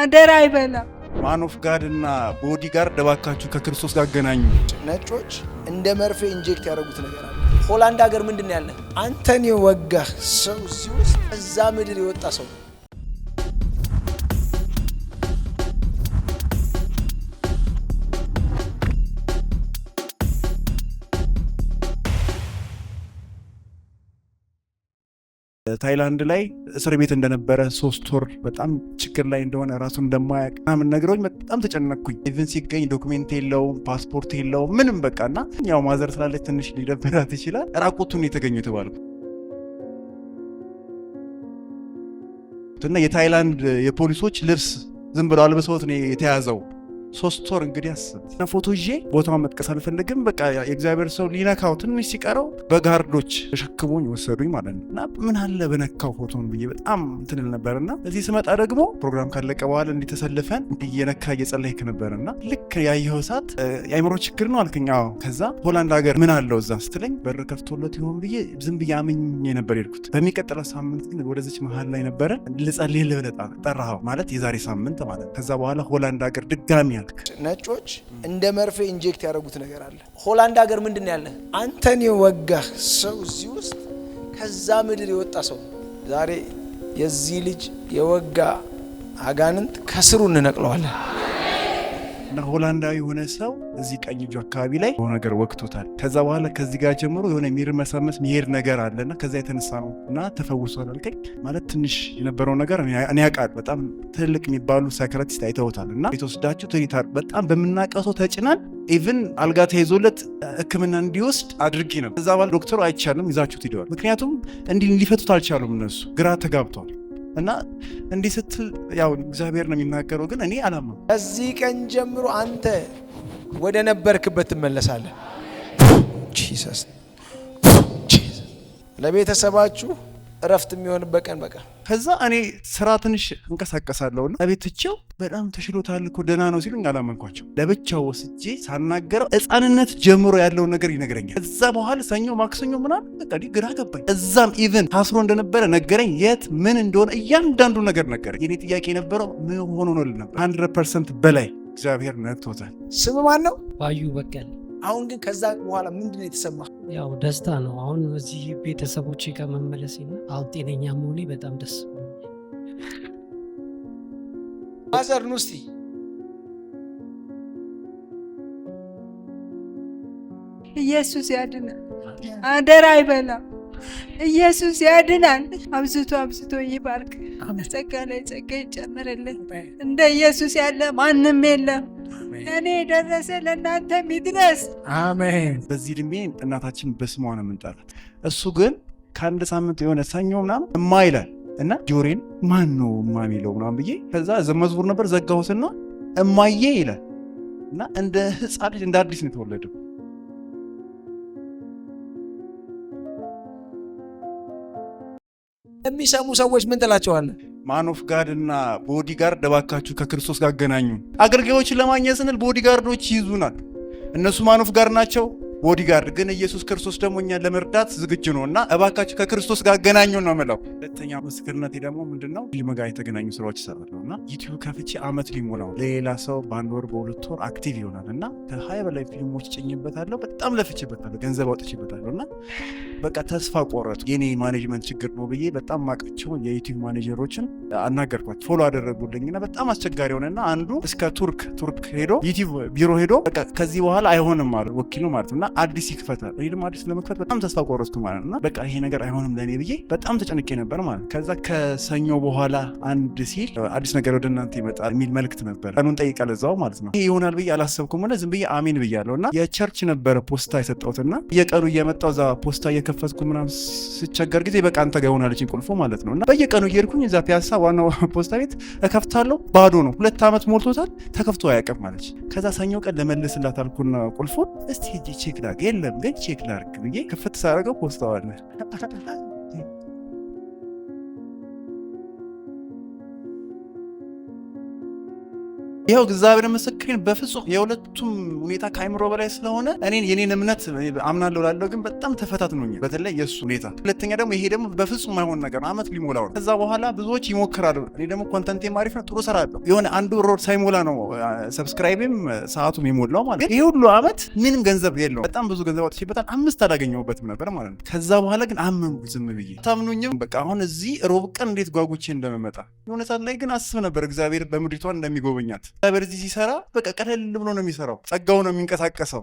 አደራ አይበላ ማን ኦፍ ጋድ እና ቦዲ ጋር ደባካችሁ ከክርስቶስ ጋር አገናኙ። ነጮች እንደ መርፌ ኢንጀክት ያደረጉት ነገር አለ። ሆላንድ ሀገር ምንድን ነው ያለ? አንተን የወጋህ ሰው እዚህ ውስጥ እዛ ምድር የወጣ ሰው ታይላንድ ላይ እስር ቤት እንደነበረ ሶስት ወር በጣም ችግር ላይ እንደሆነ ራሱን እንደማያውቅ ምናምን ነገሮች በጣም ተጨነቅኩኝ። ኢቨን ሲገኝ ዶክሜንት የለውም ፓስፖርት የለውም ምንም በቃ እና ያው ማዘር ስላለች ትንሽ ሊደብራት ይችላል። ራቁቱን የተገኙ የተባለው እና የታይላንድ የፖሊሶች ልብስ ዝም ብለው አልብሰውት ነው የተያዘው። ሶስት ወር እንግዲህ አስብ እና ፎቶ ይዤ ቦታውን መጥቀስ አልፈልግም። በቃ የእግዚአብሔር ሰው ሊነካው ትንሽ ሲቀረው በጋርዶች ተሸክሞኝ ወሰዱኝ ማለት ነው። እና ምን አለ በነካው ፎቶን ብዬ በጣም ትንል ነበር። እና እዚህ ስመጣ ደግሞ ፕሮግራም ካለቀ በኋላ እንዲተሰልፈን እየነካ እየጸለይክ ነበር። እና ልክ ያየኸው ሰዓት የአይምሮ ችግር ነው አልክኝ። አዎ። ከዛ ሆላንድ ሀገር ምን አለው እዛ ስትለኝ በር ከፍቶለት ይሆን ብዬ ዝም ብዬ አምኜ ነበር የሄድኩት። በሚቀጥለው ሳምንት ግን ወደዚች መሀል ላይ ነበረ ልጸልይ ልብለጣ ጠራኸው ማለት የዛሬ ሳምንት ማለት ከዛ በኋላ ሆላንድ ሀገር ድጋሚ ያልክ? ነጮች እንደ መርፌ ኢንጀክት ያደረጉት ነገር አለ። ሆላንድ ሀገር ምንድን ነው ያለ? አንተን የወጋህ ሰው እዚህ ውስጥ ከዛ ምድር የወጣ ሰው ዛሬ የዚህ ልጅ የወጋ አጋንንት ከስሩ እንነቅለዋለን። እና ሆላንዳዊ የሆነ ሰው እዚህ ቀኝ እጁ አካባቢ ላይ የሆነ ነገር ወቅቶታል። ከዛ በኋላ ከዚህ ጋር ጀምሮ የሆነ የሚርመሰመስ መሄድ ነገር አለ እና ከዛ የተነሳ ነው እና ተፈውሷል አልከኝ። ማለት ትንሽ የነበረው ነገር እኔ ያውቃል። በጣም ትልቅ የሚባሉ ሳይካትሪስት አይተውታል እና የተወስዳቸው ትሪታር በጣም በምናውቀው ሰው ተጭናል። ኢቭን አልጋ ተይዞለት ሕክምና እንዲወስድ አድርጊ ነው። ከዛ በኋላ ዶክተሩ አይቻልም፣ ይዛችሁት ሂደዋል። ምክንያቱም እንዲህ ሊፈቱት አልቻሉም። እነሱ ግራ ተጋብቷል። እና እንዲህ ስትል ያው እግዚአብሔር ነው የሚናገረው፣ ግን እኔ አላማ ከዚህ ቀን ጀምሮ አንተ ወደ ነበርክበት ትመለሳለህ። ለቤተሰባችሁ እረፍት የሚሆን በቀን በቀን ከዛ እኔ ስራ ትንሽ እንቀሳቀሳለሁና ቤትቸው በጣም ተሽሎታል እኮ ደህና ነው ሲሉኝ አላመንኳቸው። ለብቻው ወስጄ ሳናገረው ህፃንነት ጀምሮ ያለውን ነገር ይነግረኛል። እዛ በኋላ ሰኞ፣ ማክሰኞ ምናምን በቃ ግራ ገባኝ። እዛም ኢቨን ታስሮ እንደነበረ ነገረኝ። የት ምን እንደሆነ እያንዳንዱ ነገር ነገረኝ። የኔ ጥያቄ የነበረው ምን ሆኖ ነው ልነበር ሀንድረድ ፐርሰንት በላይ እግዚአብሔር ነቶታል። ስም ማን ነው? ባዩ በቀል። አሁን ግን ከዛ በኋላ ምንድን ነው የተሰማ? ያው ደስታ ነው። አሁን እዚህ ቤተሰቦቼ ከመመለስ አሁን ጤነኛ መሆኔ በጣም ደስ ማዘር ንስቲ ኢየሱስ ያድናል። አደራ አይበላም። ኢየሱስ ያድናል። አብዝቶ አብዝቶ ይባርክ። ጸጋ ላይ ጸጋ ይጨምርልን። እንደ ኢየሱስ ያለ ማንም የለም። እኔ ደረሰ ለእናንተ ሚድረስ አሜን። በዚህ እድሜ እናታችን በስሟ ነው የምንጠራት። እሱ ግን ከአንድ ሳምንት የሆነ ሰኞ ምናምን እማ ይላል እና ጆሬን ማን ነው እማ የሚለው ምናምን ብዬ ከዛ ዘመዝቡር ነበር ዘጋሁትና እማዬ ይላል እና እንደ ሕፃን ልጅ እንደ አዲስ ነው የተወለደው። የሚሰሙ ሰዎች ምን ትላቸዋለህ? ማን ኦፍ ጋድ እና ቦዲ ጋርድ እባካችሁ ከክርስቶስ ጋር አገናኙ። አገልጋዮችን ለማግኘት ስንል ቦዲ ጋርዶች ይይዙናል። እነሱ ማን ኦፍ ጋድ ናቸው፣ ቦዲ ጋርድ ግን ኢየሱስ ክርስቶስ ደግሞ እኛን ለመርዳት ዝግጁ ነው እና እባካችሁ ከክርስቶስ ጋር አገናኙ ነው የምለው። ሁለተኛ ምስክርነቴ ደግሞ ምንድን ነው? ፊልም ጋር የተገናኙ ስራዎች እሰራለሁ እና ዩቲዩብ ከፍቼ አመት ሊሞላው ለሌላ ሰው በአንድ ወር በሁለት ወር አክቲቭ ይሆናል እና ከሀያ በላይ ፊልሞች ጭኝበታለሁ። በጣም ለፍቼበታለሁ፣ ገንዘብ አውጥቼበታለሁ እና በቃ ተስፋ ቆረጡ። የኔ ማኔጅመንት ችግር ነው ብዬ በጣም ማቃቸው የዩቲዩብ ማኔጀሮችን አናገርኳቸው። ፎሎ እና በጣም አስቸጋሪ ሆነና አንዱ እስከ ቱርክ ቱርክ ሄዶ ዩቲዩብ ቢሮ ሄዶ በቃ ከዚህ በኋላ አይሆንም አሉ ወኪሉ ማለት እና አዲስ ይክፈታል። እኔ ደግሞ አዲስ ለመክፈት በጣም ተስፋ ቆረጥኩ ማለት እና በቃ ይሄ ነገር አይሆንም ለእኔ ብዬ በጣም ተጨንቄ ነበር ማለት። ከዛ ከሰኞ በኋላ አንድ ሲል አዲስ ነገር ወደ እናንተ ይመጣል የሚል መልክት ነበር። ቀኑን ጠይቃል እዛው ማለት ነው። ይሄ ይሆናል ብዬ አላሰብኩም ሆነ ዝም ብዬ አሜን ብያለሁ እና የቸርች ነበረ ፖስታ የሰጠሁትና የቀኑ እየመጣው እዛ ፖስታ እየከፈትኩ ምናምን ስቸገር ጊዜ በቃ አንተ ጋር ይሆናለች ቁልፎ ማለት ነው። እና በየቀኑ እየሄድኩኝ እዛ ፒያሳ ዋናው ፖስታ ቤት እከፍታለሁ። ባዶ ነው። ሁለት ዓመት ሞልቶታል። ተከፍቶ አያውቅም አለች። ከዛ ሰኞ ቀን ለመልስላት አልኩና ቁልፎን እስቲ ቼክ ላድርግ፣ የለም ግን ቼክ ላድርግ ብዬ ክፍት ሳደርገው ፖስታዋለ ይኸው እግዚአብሔር ምስክሬን በፍጹም የሁለቱም ሁኔታ ከአይምሮ በላይ ስለሆነ እኔን የኔን እምነት አምናለሁ ላለው ግን በጣም ተፈታትኖኛል። በተለይ የእሱ ሁኔታ። ሁለተኛ ደግሞ ይሄ ደግሞ በፍጹም አይሆን ነገር ነው። አመት ሊሞላው ነው። ከዛ በኋላ ብዙዎች ይሞክራሉ። እኔ ደግሞ ኮንተንቴ ማሪፍ ነው፣ ጥሩ እሰራለሁ። የሆነ አንዱ ሮድ ሳይሞላ ነው ሰብስክራይብም ሰዓቱም የሞላው ማለት ይህ ሁሉ አመት ምንም ገንዘብ የለውም። በጣም ብዙ ገንዘብ አውጥቼበታል። አምስት አላገኘሁበትም ነበር ማለት ነው። ከዛ በኋላ ግን አመኑ ዝም ብዬ ታምኑኝም። በቃ አሁን እዚህ ሮብ ቀን እንዴት ጓጉቼ እንደምመጣ የሆነ ሰዓት ላይ ግን አስብ ነበር እግዚአብሔር በምድሪቷን እንደሚጎበኛት እግዚአብሔር እዚህ ሲሰራ በቃ ቀለል ብሎ ነው የሚሰራው። ጸጋው ነው የሚንቀሳቀሰው።